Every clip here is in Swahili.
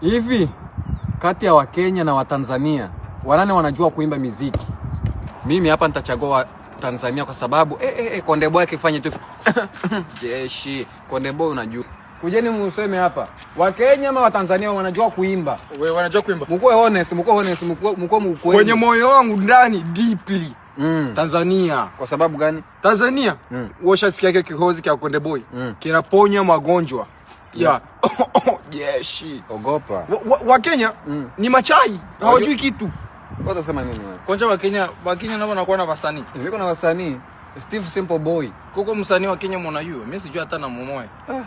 Hivi kati ya Wakenya na Watanzania wanane wanajua kuimba miziki? Mimi hapa nitachagua Tanzania kwa sababu eh, eh, eh, Konde Boy akifanya tu jeshi. Konde Boy unajua, kujeni museme hapa, Wakenya ama Watanzania wanajua kuimba? Wewe wanajua kuimba, mkuwe honest, mkuwe honest, mkuwe mkweli kwenye moyo wangu ndani deeply Mm. Tanzania kwa sababu gani? Tanzania mm. Washasikia yake kihozi kia Konde Boy mm. kinaponya magonjwa ya jeshi. Ogopa. Wakenya mm. ni machai, hawajui kitu. Watasema nini wewe? Kwanza Wakenya, Wakenya nao wanakuwa na wasanii. Niko na wasanii. Steve Simple Boy. Kuko msanii wa Kenya mwana yule. Mimi sijui hata na mumoe. Ah.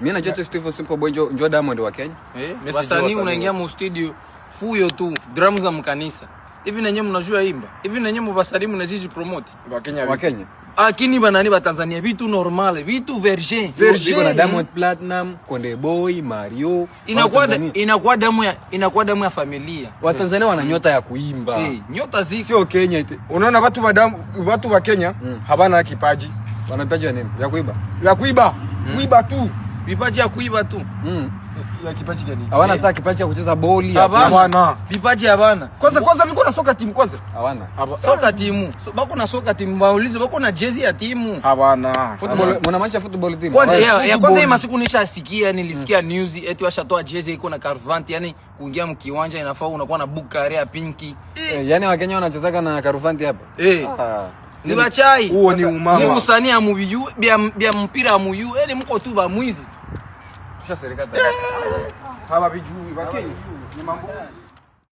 Mimi najua yeah. Steve Simple Boy ndio Diamond wa Kenya. Eh, wasanii unaingia mu studio fuyo tu, drums za mkanisa hivi nenye mnajua imba hivi nenye mubasalimu nazizi promote Wakenya Wakenya lakini banani ba Tanzania vitu normale vitu virgin virgin na Diamond Platinum Konde Boy Mario inakuwa inakuwa damu ya inakuwa damu ya familia wa Tanzania wana mm. nyota ya kuimba hey, eh, nyota ziko sio Kenya ite unaona watu wa damu watu wa Kenya hmm. habana kipaji wana kipaji ya nini ya kuiba ya kuiba mm. kuiba tu vipaji ya kuiba tu hmm ya kipaji gani? Hawana hata kipaji cha kucheza boli. Hawana. Vipaji hawana. Kwanza kwanza mko na soka timu kwanza? Hawana. Soka timu. So, bako na soka timu, waulize bako na jezi ya timu. Hawana. Football, mna maanisha football timu. Kwanza ya, ya kwanza hii masiku nishasikia, nilisikia hmm. news eti washatoa jezi iko na Carvant, yani kuingia mkiwanja inafaa unakuwa na book career pinki. Eh. eh, yani Wakenya wanachezaga na Carvant hapa. Eh. Ah. Ni bachai. Huo ni umama. Ni usanii amuvijue, bia mpira amuyue, eh, yani mko tu ba mwizi serikali hawabijui, wakenya ni mambo